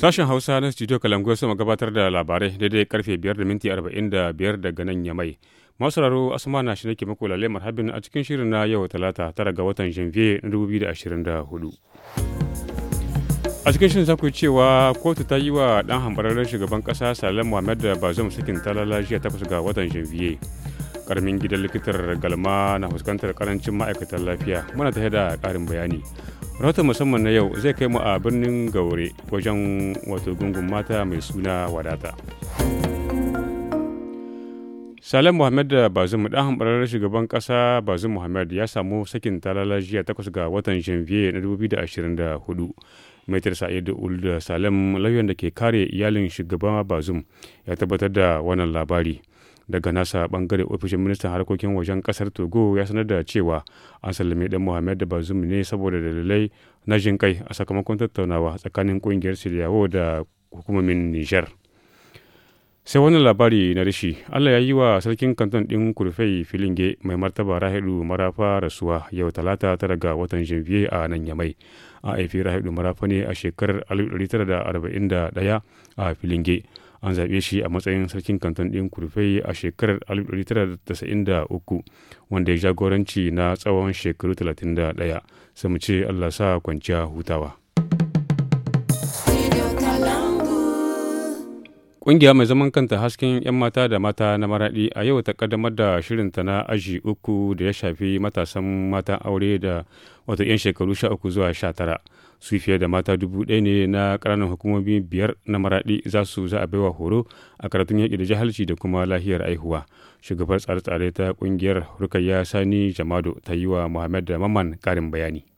Sashen Hausa na Studio Kalangoy sama gabatar da labarai daidai karfe 5 da minti 45 daga nan ya mai. raro Asma na shi nake muku lalle marhabin a cikin shirin na yau talata tara ga watan Janvier 2024. A cikin shirin yi cewa kotu ta yi wa ɗan hambararren shugaban ƙasa Salam Muhammad da Bazoum sakin talala jiya takwas ga watan Janvier. karamin gidan likitar galma na fuskantar karancin ma'aikatan lafiya muna ta da karin bayani rahoton musamman na yau zai kai mu a birnin gaure wajen wato gungun mata mai suna wadata salim muhammad da bazum dan hambarar shugaban kasa bazin muhammad ya samu sakin talala jiya takwas ga watan janvier na 2024 maitar sa'id da salim lauyan da ke kare iyalin shugaban bazum ya tabbatar da wannan labari daga nasa bangare ofishin ministan harkokin wajen kasar togo ya sanar da cewa an sallame dan muhammad bazumi ne saboda dalilai na jin kai a sakamakon tattaunawa tsakanin kungiyar siriyawo da hukumomin nijar sai wannan labari na rishi allah ya yi wa sarkin kanton ɗin kurfai filinge mai martaba rahidu marafa rasuwa yau talata tara ga watan janvier a nan yamai a haifi rahidu marafa ne a shekarar 1941 a filinge an zaɓe shi a matsayin sarkin kanton ɗin kurfai a shekarar 1993 wanda ya jagoranci na tsawon shekaru 31 sai mu ce allah sa kwanciya hutawa Ƙungiya mai zaman kanta hasken 'yan mata da mata na maraɗi a yau ta ƙaddamar da shirinta na aji uku da ya shafi matasan matan aure da wato 'yan shekaru sha zuwa 19. su fiye da mata dubu ɗaya ne na ƙananan hukumomi biyar na maraɗi za su za a baiwa horo a karatun yaƙi da jahalci da kuma lahiyar aihuwa shugabar tsare-tsare ta ƙungiyar rukayya sani jamado ta yi wa muhammad da maman ƙarin bayani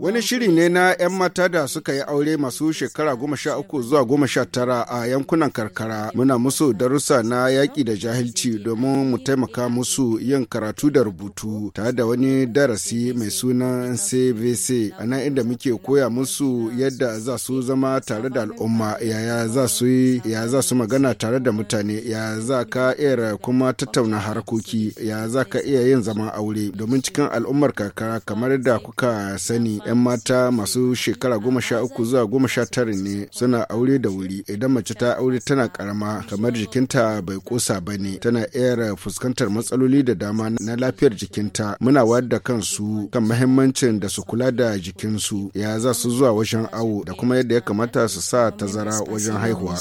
Wani shiri ne na 'yan mata da suka yi aure masu shekara goma sha uku zuwa goma sha tara a yankunan karkara. Muna musu darussa na yaƙi da jahilci domin mu taimaka musu yin karatu da rubutu tare da wani darasi mai sunan CVC a nan inda muke koya musu yadda za su zama tare da al'umma yaya za su yi ya za su magana tare da mutane ya za ka iya kuma tattauna harkoki ya za ka iya yin zaman aure domin cikin al'ummar karkara kamar da kuka sani 'yan mata masu shekara goma sha uku zuwa goma sha tara ne suna aure da wuri idan mace ta aure tana karama kamar jikinta bai kosa ba ne tana iya fuskantar matsaloli da dama na lafiyar jikinta muna wayar da kansu kan mahimmancin da su kula da jikinsu ya za su zuwa wajen awo da kuma yadda ya kamata su sa tazara wajen haihuwa.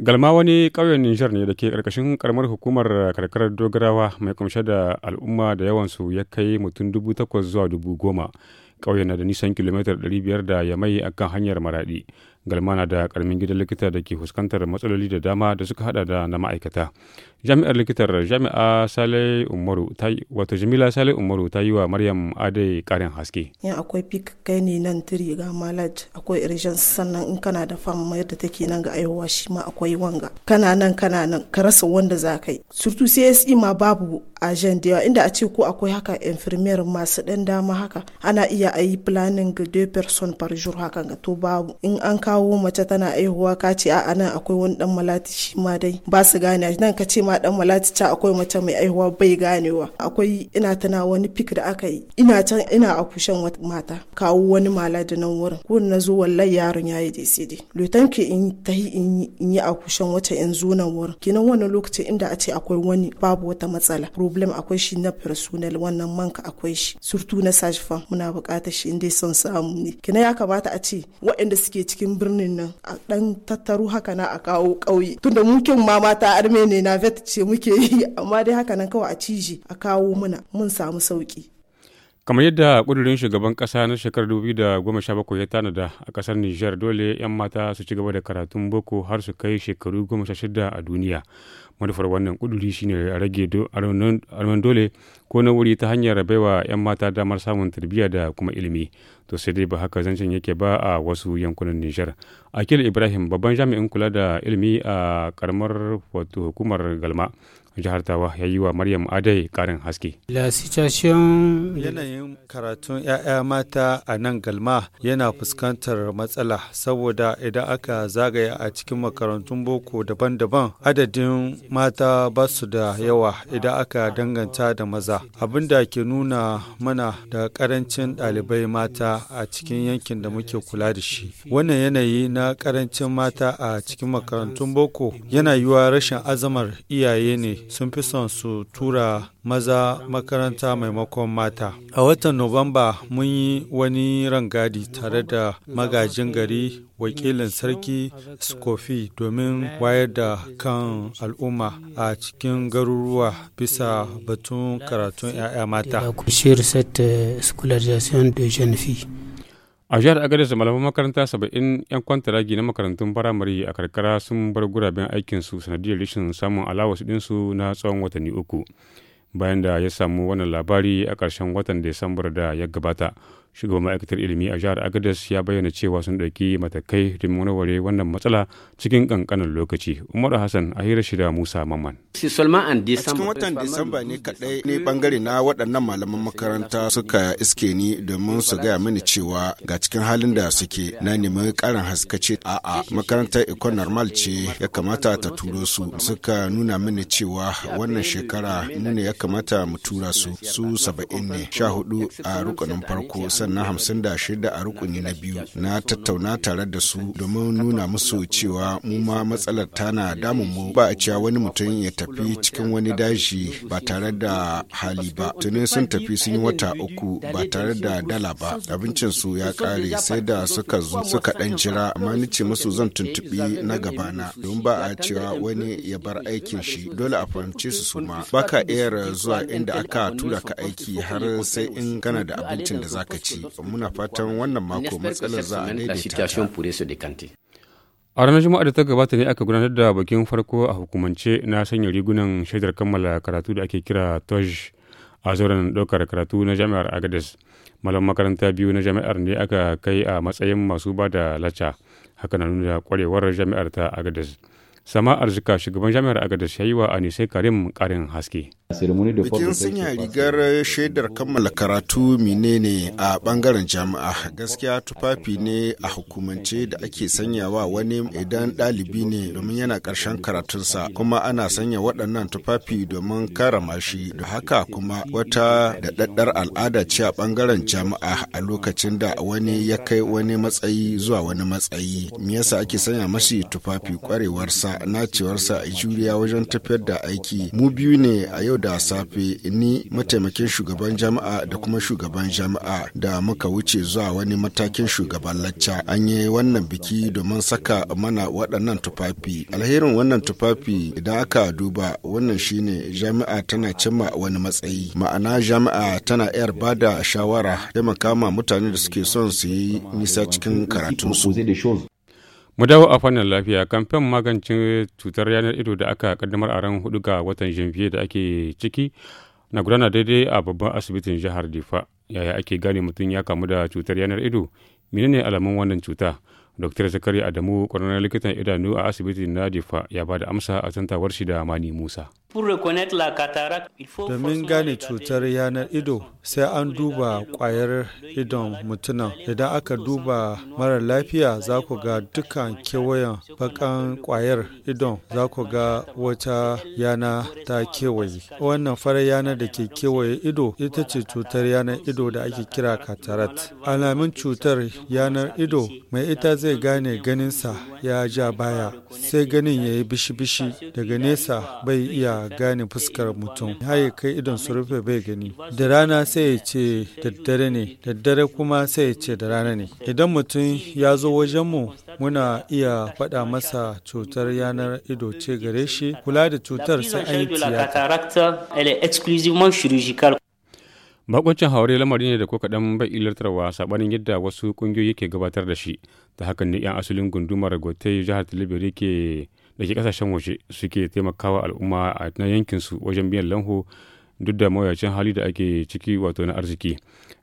Galma wani ƙauyen Nijar ne da ke ƙarƙashin ƙaramar hukumar karkarar dogarawa mai kumshe da al'umma da yawansu ya kai mutum dubu takwas zuwa dubu goma. Ƙauyen na da nisan kilomitar ɗari biyar da ya mai akan hanyar maraɗi. galma na da karamin gidan likita da ke fuskantar matsaloli da dama da suka hada da na ma'aikata jami'ar likitar jami'a sale umaru ta wato jamila sale umaru ta yi wa maryam adai karin haske yan akwai pik kai ne nan tiri ga malaj akwai irishin sannan in kana da fam da take nan ga aiwa shi ma akwai wanga kana nan kana nan ka rasa wanda za ka yi surtu cse ma babu ajen da yawa inda a ce ko akwai haka infirmiyar masu dan dama haka ana iya ayi yi planning de person par jour haka ga to babu in an kawo kawo mace tana aihuwa ka ce a nan akwai wani dan malati shi ma dai ba su gane nan ka ce ma dan malati ta akwai mace mai aihuwa bai ganewa akwai ina tana wani fik da aka yi ina can ina a kushen wata mata kawo wani malati nan wurin ko na zo wallahi yaron yayi dai sai dai lutan ke in ta yi in yi a kushen wata in zo nan wurin kinan wannan lokaci inda a ce akwai wani babu wata matsala problem akwai shi na personal wannan manka akwai shi surtu na sajifa muna bukata shi inda son samu ne kina ya kamata a ce waɗanda suke cikin birnin nan a dan tattaru haka na a kawo ƙauye tunda mukin ma mata armeni na vet ce muke yi amma dai haka nan kawai a ciji a kawo muna mun samu sauki kamar yadda kudurin shugaban kasa na shekarar 2017 ya tanada a kasar niger dole 'yan mata su ci gaba da karatun boko har su kai shekaru 16 a duniya manufar wannan kuduri shine a rage arman dole ko na wuri ta hanyar baiwa 'yan mata damar samun tarbiyya da kuma ilimi to sai dai ba haka zancen yake ba a wasu yankunan nijar akil ibrahim babban jami'in kula da ilimi a karamar wato hukumar galma jihar tawa ya yi wa maryam adai karin haske yanayin karatun 'ya'ya mata a nan galma yana fuskantar matsala saboda idan aka zagaya a cikin makarantun boko daban-daban adadin mata ba su da yawa idan aka danganta da maza abinda ke nuna mana da karancin ɗalibai mata a cikin yankin da muke kula da shi wannan yanayi na karancin mata a cikin makarantun boko yana yiwuwa rashin azamar iyaye ne sun fi son su tura maza makaranta maimakon mata. A watan Nuwamba mun yi wani rangadi tare da magajin gari wakilin sarki Skofi domin wayar da kan al'umma a cikin garuruwa bisa batun karatun 'ya'ya mata. Euh, a jihar agadez malaman makaranta saba'in 'yan kwantaragi na makarantun firamare a karkara sun bar guraben aikinsu sanadiyar rashin samun alawasu ɗinsu na tsawon watanni uku bayan da ya samu wannan labari a ƙarshen watan Desambar da ya gabata. shugaban ma'aikatar ilimi a jihar agadas ya bayyana cewa sun ɗauki matakai don warware wannan matsala cikin ƙanƙanin lokaci umaru hassan a hira shida musa mamman a cikin watan disamba ne kaɗai ne bangare na waɗannan malaman makaranta suka iske ni domin su gaya mini cewa ga cikin halin da suke na nemi ƙarin haskace a'a makarantar ikon normal ce ya kamata ta turo su suka nuna mini cewa wannan shekara nuna ya kamata mu tura su su saba'in ne sha hudu a rukunin farko sannan hamsin da shida a rukuni na biyu na tattauna tare da su domin nuna musu cewa mu ma matsalar tana damun mu ba a cewa wani mutum ya tafi cikin wani daji ba tare da hali ba tuni sun tafi sun yi wata uku ba tare da dala ba abincin su ya kare sai da suka zo suka dan jira amma ni ce musu zan tuntubi na gabana don ba a cewa wani ya bar aikin shi dole a fahimce su suma baka iya zuwa inda aka tura ka aiki har sai in kana da abincin da zaka ci ci muna fatan wannan mako matsalar za a daidaita a ranar juma'a da ta gabata ne aka gudanar da bakin farko a hukumance na sanya rigunan shaidar kammala karatu da ake kira toj a zauren ɗaukar karatu na jami'ar agadez malam makaranta biyu na jami'ar ne aka kai a matsayin masu ba da lacca haka na nuna kwarewar jami'ar ta agadez sama arzika shugaban jami'ar agadar wa nisai karim karin haske bikin sanya rigar shaidar kammala karatu menene a bangaren jami'a gaskiya tufafi ne a hukumance da ake sanyawa wani idan ɗalibi ne domin yana ƙarshen karatunsa kuma ana sanya waɗannan tufafi domin karama shi da haka kuma wata daɗaɗɗar al'ada ce a bangaren jami'a a lokacin da wani ya kai wani matsayi zuwa wani matsayi me yasa ake sanya masa tufafi kwarewarsa nacewarsa a juriya wajen tafiyar da aiki mu biyu ne a yau da safe ni mataimakin shugaban jami'a da kuma shugaban jami'a da muka wuce zuwa wani matakin shugaban lacca an yi wannan biki domin saka mana waɗannan tufafi alherin wannan tufafi idan aka duba wannan shine jami'a tana cimma wani matsayi ma'ana jami'a tana yar ba da shawara taimaka ma mutane da suke son su yi nisa cikin karatunsu Mu dawo a fannin lafiya, kamfen magance cutar yanar ido da aka kaddamar a ran hudu ga watan Janvier da ake ciki na gudana daidai a babban asibitin jihar Difa. Yaya ake gane mutum ya kamu da cutar yanar ido? Menene alamun wannan cuta? Dr. Zakari Adamu, kwanar likitan idanu a asibitin na Difa, ya ba da amsa a tantawar shi da Mani Musa. Domin gane cutar yanar ido sai an duba kwayar idon mutumin. Idan aka duba mara lafiya za ku ga dukkan kewayen bakan kwayar idon za ku ga wata yana ta kewaye. Wannan farar yana da ke kewaye ido ita ce cutar yanar ido da ake kira katarat. Alamun cutar yanar ido mai ita zai gane ganinsa ya ja baya sai ganin ya yi bishi-bishi daga nesa bai iya a gane fuskar mutum har ya kai idon su rufe bai gani da rana sai ya ce daddare ne daddare kuma sai ya ce da rana ne idan mutum ya zo wajenmu muna iya faɗa masa cutar yanar ido ce gare shi kula da cutar sai an yi bakuncin haure lamari ne da ko kaɗan bai ilartarwa saɓanin yadda wasu ƙungiyoyi ke gabatar da shi ta hakan ne 'yan asalin gundumar gote jihar talibiri ke da ke kasashen waje suke taimakawa al'umma a na yankinsu wajen biyan lanho duk da mawuyacin hali da ake ciki wato na arziki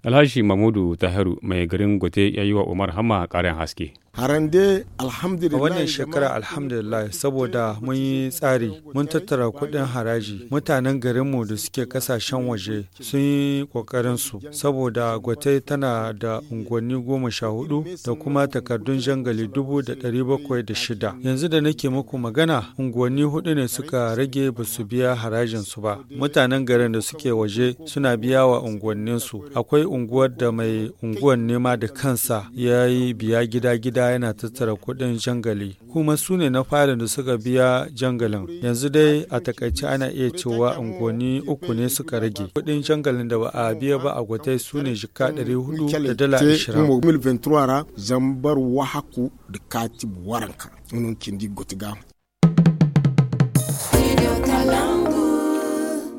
alhaji mamudu tahiru mai garin gote ya yi wa umar hama ƙaran haske harande alhamdulillah wannan shekara alhamdulillah saboda mun yi tsari mun tattara kuɗin haraji mutanen garinmu da suke kasashen waje sun yi ƙoƙarin su saboda gwatai tana da unguwanni goma sha hudu da kuma takardun jangali dubu da ɗari bakwai da shida yanzu da nake muku magana unguwanni hudu ne suka rage ba su biya harajin su ba mutanen garin da suke waje suna biya wa unguwanninsu akwai unguwar da mai unguwan nema da kansa ya yi biya gida gida da yana tattara kuɗin jangali kuma su ne na farin da suka biya jangalin yanzu dai a takaice ana iya cewa unguwanni uku ne suka rage kuɗin jangalin da ba a biya ba a gwatai su ne jika 400 da dala 20 zambar wahaku da kati waranka. Nunkin di gotiga.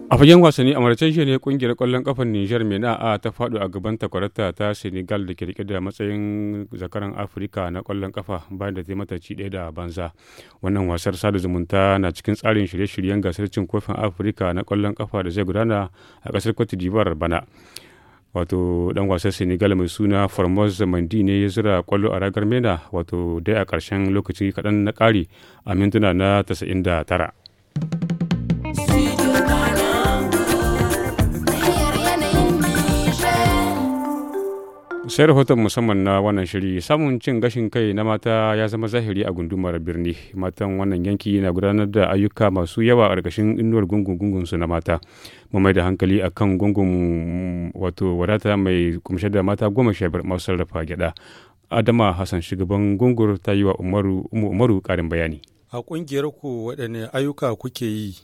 A fagen wasanni a shi ne kungiyar kwallon kafar Nijar mai a ta faɗo a gaban takwarata ta Senegal da ke rike da matsayin zakaran Afirka na kwallon kafa bayan da ta mata ci ɗaya da banza. Wannan wasar sada zumunta na cikin tsarin shirye-shiryen gasar cin kofin Afirka na kwallon kafa da zai gudana a ƙasar Cote d'Ivoire bana. Wato dan wasar Senegal mai suna Formos Mandi ne ya zira kwallo a ragar Mena wato dai a karshen lokaci kaɗan na kari a mintuna na 99. sai rahoton musamman na wannan shiri samun cin gashin kai na mata ya zama zahiri a gundumar birni matan wannan yanki na gudanar da ayyuka masu yawa a ƙarƙashin inuwar gungun gungunsu na mata mu mai da hankali a kan gungun wato wadata mai kumshe da mata goma sha biyar masu sarrafa gyada adama hassan shugaban gungur ta yi wa umaru ƙarin bayani A ƙungiyar ku waɗanne ayyuka kuke yi?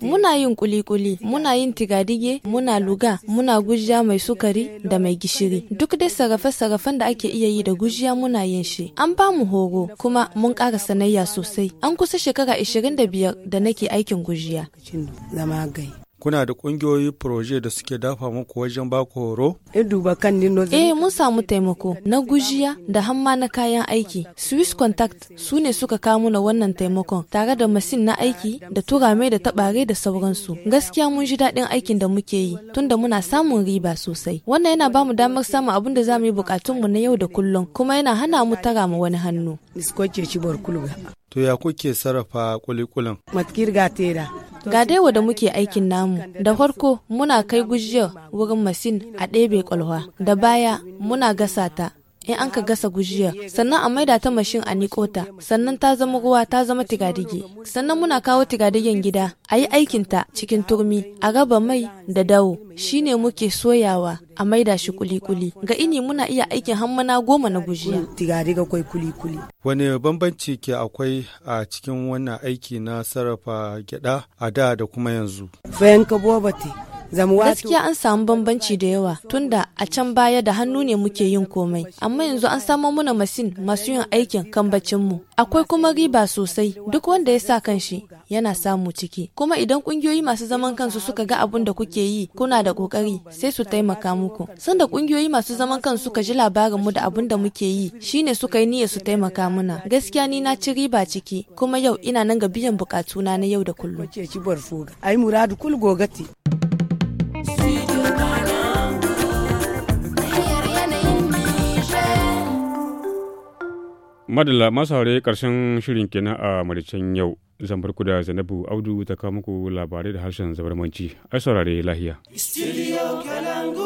Muna yin kuli-kuli, muna yin tigadige, muna luga, muna gujiya mai sukari da mai gishiri. Duk dai sarrafe-sarrafen da ake iya yi da gujiya muna yin shi. An ba mu horo kuma mun ƙara sanayya sosai. An kusa shekara 25 da nake aikin gujiya. Zama gai. kuna da kungiyoyi proje da suke dafa muku wajen baku horo? Eh, eh mun samu taimako na gujiya da hamma na kayan aiki. Swiss Contact su ne suka kawo na wannan taimakon tare da masin na aiki da turame da tabare da sauransu. Gaskiya mun ji daɗin aikin da muke yi tunda muna samun riba sosai. Wannan yana bamu damar samun abin da za mu yi bukatunmu na yau da kullum kuma yana hana mu tara mu wani hannu. To ya kuke sarrafa kulikulin? Ga wa da muke aikin namu, da farko muna kai gujiya wurin masin a ɗebe kwalwa, da baya muna gasa ta in an ka gasa gujiya sannan a maida ta mashin a nikota sannan ta zama ruwa ta zama tigadige sannan muna kawo tigadigen gida a yi ta cikin turmi a raba mai da dawo shine muke soyawa a maida shi kuli-kuli ga ini muna iya aikin hammana goma na gujiya tigadiga kwai kuli-kuli wani bambanci ke akwai a cikin wannan aiki na sarrafa gyada a da da kuma yanzu bayan ka bobate Gaskiya an samu bambanci da yawa tunda a can baya da hannu ne muke yin komai, amma yanzu an samo muna masin masu yin aikin kambacin mu. Akwai kuma riba sosai duk wanda ya sa kanshi yana samu ciki. Kuma idan kungiyoyi masu zaman kansu suka ga abun da kuke yi kuna da kokari sai su taimaka muku. Sanda kungiyoyi masu zaman kansu suka ji labarin mu da abun da muke yi shine suka yi niyyar su taimaka muna. Gaskiya ni na ci riba ciki kuma yau ina nan ga biyan bukatuna na yau da kullum. Ai muradu kul gogati. madalla masu haure karshen shirin kenan a maricen yau zan farko da zainabu audu ta kawo muku labarai da harshen zabarmanci ai saurare lahiya. Studio Kalangu.